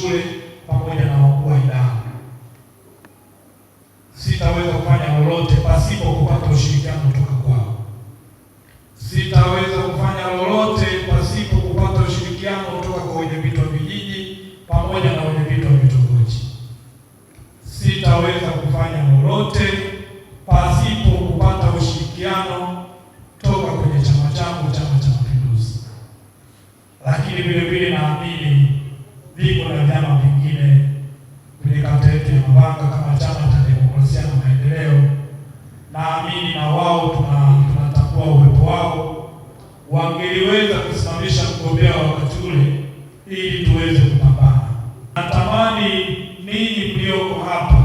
shule pamoja na wakuu wa idara. Sitaweza kufanya lolote pasipo kupata ushirikiano kutoka kwao. Sitaweza kufanya lolote pasipo kupata ushirikiano kutoka kwa wenyeviti wa vijiji pamoja na wenyeviti wa vitongoji. Sitaweza kufanya lolote pasipo kupata ushirikiano toka kwenye chama changu, Chama cha Mapinduzi, lakini vile na vyama vingine kata yetu ya Mabanga kama Chama cha Demokrasia na Maendeleo, naamini na wao tunatambua tuna uwepo wao, wangeliweza kusimamisha mgombea wakati ule ili tuweze kupambana. Natamani ninyi mlioko hapa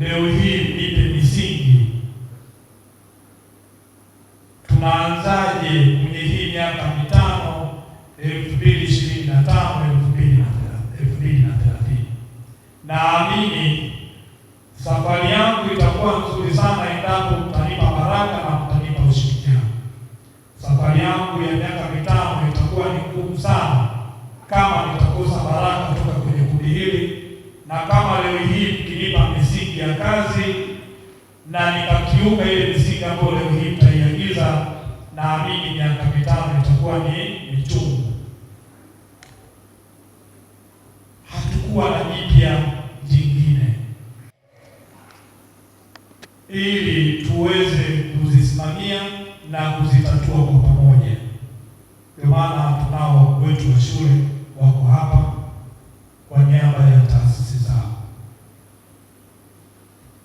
leo hii mnipe misingi, tunaanzaje kwenye hii miaka naamini safari yangu itakuwa nzuri sana endapo mtanipa baraka na mtanipa ushirikiano. Safari yangu ya miaka mitano itakuwa ni ngumu sana kama nitakosa baraka kutoka kwenye kundi hili, na kama leo hii mkinipa misingi ya kazi na nikakiuka ile misingi ambayo leo hii mtaiagiza, naamini miaka mitano itakuwa ni michungu. hatukuwa ili tuweze kuzisimamia na kuzitatua kwa pamoja. Ndio maana tunao wetu wa shule wako hapa kwa niaba ya taasisi zao.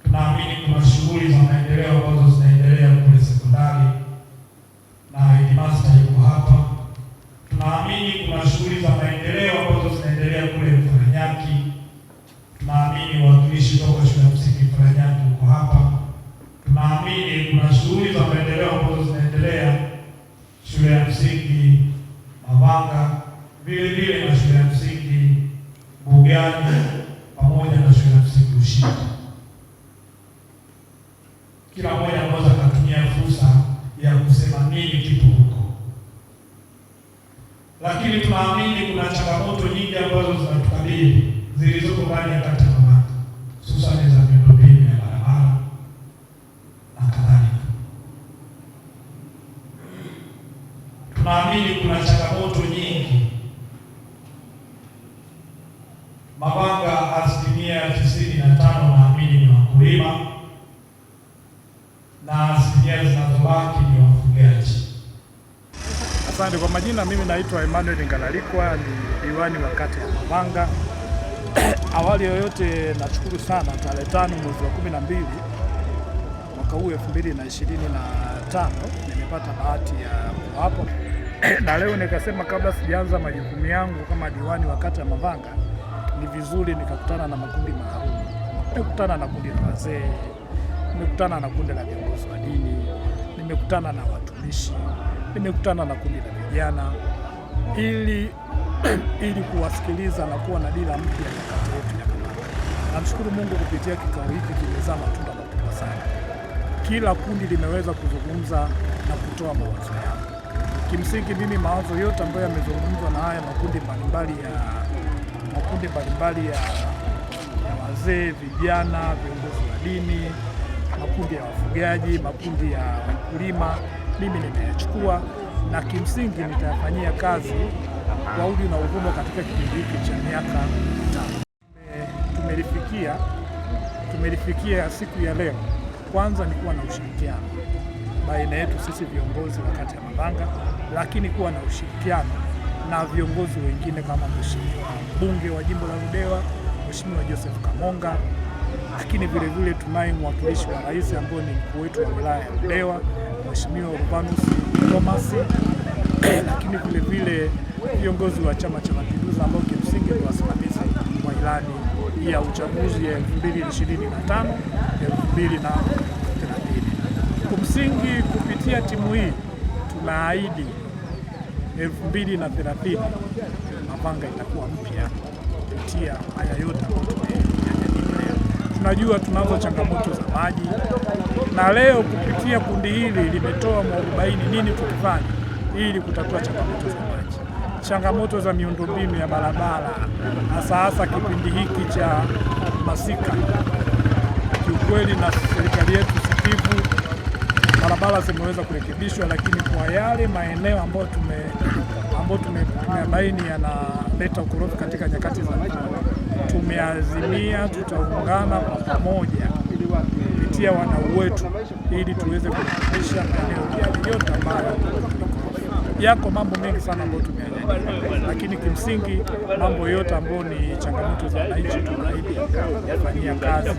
Tunaamini kuna shughuli za maendeleo ambazo zinaendelea kule sekondari na headmaster yuko hapa. Tunaamini kuna shughuli za maendeleo ambazo zinaendelea kule Mfaranyaki. Tunaamini wawakilishi toka shule ya msingi Mfaranyaki uko hapa naamini kuna shughuli za maendeleo ambazo zinaendelea shule ya msingi Mavanga, vile vile na shule ya msingi Bugani pamoja na shule ya msingi Ushindi. Kila mmoja anaweza akatumia fursa ya kusema nini kipo huko, lakini tunaamini kuna changamoto nyingi ambazo zinatukabili Mapanga asilimia tisini na tano naamini ni wakulima na asilimia zinazobaki ni wafugaji. Asante kwa majina, mimi naitwa Emmanuel Ngalalikwa, ni diwani wa kata ya Mapanga. Awali yoyote nashukuru sana tarehe tano mwezi wa kumi na mbili mwaka huu elfu mbili na ishirini na tano nimepata bahati ya kuwa hapo na leo nikasema, kabla sijaanza majukumu yangu kama diwani wa kata ya Mapanga ni vizuri nikakutana na makundi maalum. Nimekutana na kundi la wazee, nimekutana na kundi la viongozi wa dini, nimekutana na watumishi, nimekutana na kundi la vijana ili ili kuwasikiliza na kuwa na dira mpya ya kata yetu ya Kamara. Namshukuru Mungu kupitia kikao hiki kimezaa matunda makubwa sana. Kila kundi limeweza kuzungumza na kutoa mawazo yao. Kimsingi mimi mawazo yote ambayo yamezungumzwa na haya makundi mbalimbali ya makundi mbalimbali ya, ya wazee, vijana, viongozi wa dini, makundi ya wafugaji, makundi ya wakulima, mimi nimeyachukua na kimsingi nitayafanyia kazi kwa udi na uvumo katika kipindi hiki cha miaka mitano. Tumelifikia tumelifikia siku ya leo. Kwanza ni kuwa na ushirikiano baina yetu sisi viongozi wa kata ya Mavanga, lakini kuwa na ushirikiano na viongozi wengine kama mheshimiwa mbunge wa jimbo la Ludewa Mheshimiwa Joseph Kamonga, lakini vilevile tunaye mwakilishi wa rais ambaye ni mkuu wetu wa wilaya ya Ludewa Mheshimiwa Urbanus Thomas, lakini vilevile viongozi wa Chama cha Mapinduzi ambao kimsingi ni wasimamizi wa ilani ya uchaguzi ya 2025 2030. Kumsingi, kupitia timu hii tunaahidi 2030 Mapanga itakuwa mpya kupitia haya yote ambayo Tunajua tunazo changamoto za maji, na leo kupitia kundi hili limetoa mwarobaini nini tukifanya ili kutatua changamoto za maji, changamoto za miundombinu ya barabara, hasa hasa kipindi hiki cha masika. Kiukweli na serikali yetu sikivu, barabara zimeweza kurekebishwa, lakini kwa yale maeneo ambayo tume ambayo tumebaini yanaleta ukorofi katika nyakati za tumeazimia tutaungana kwa pamoja kupitia wadau wetu ili tuweze kuhakikisha maeneo yale yote ambayo yako mambo mengi sana ambayo tumeyajadili, lakini kimsingi mambo yote ambayo ni changamoto za wananchi kufanyia kazi.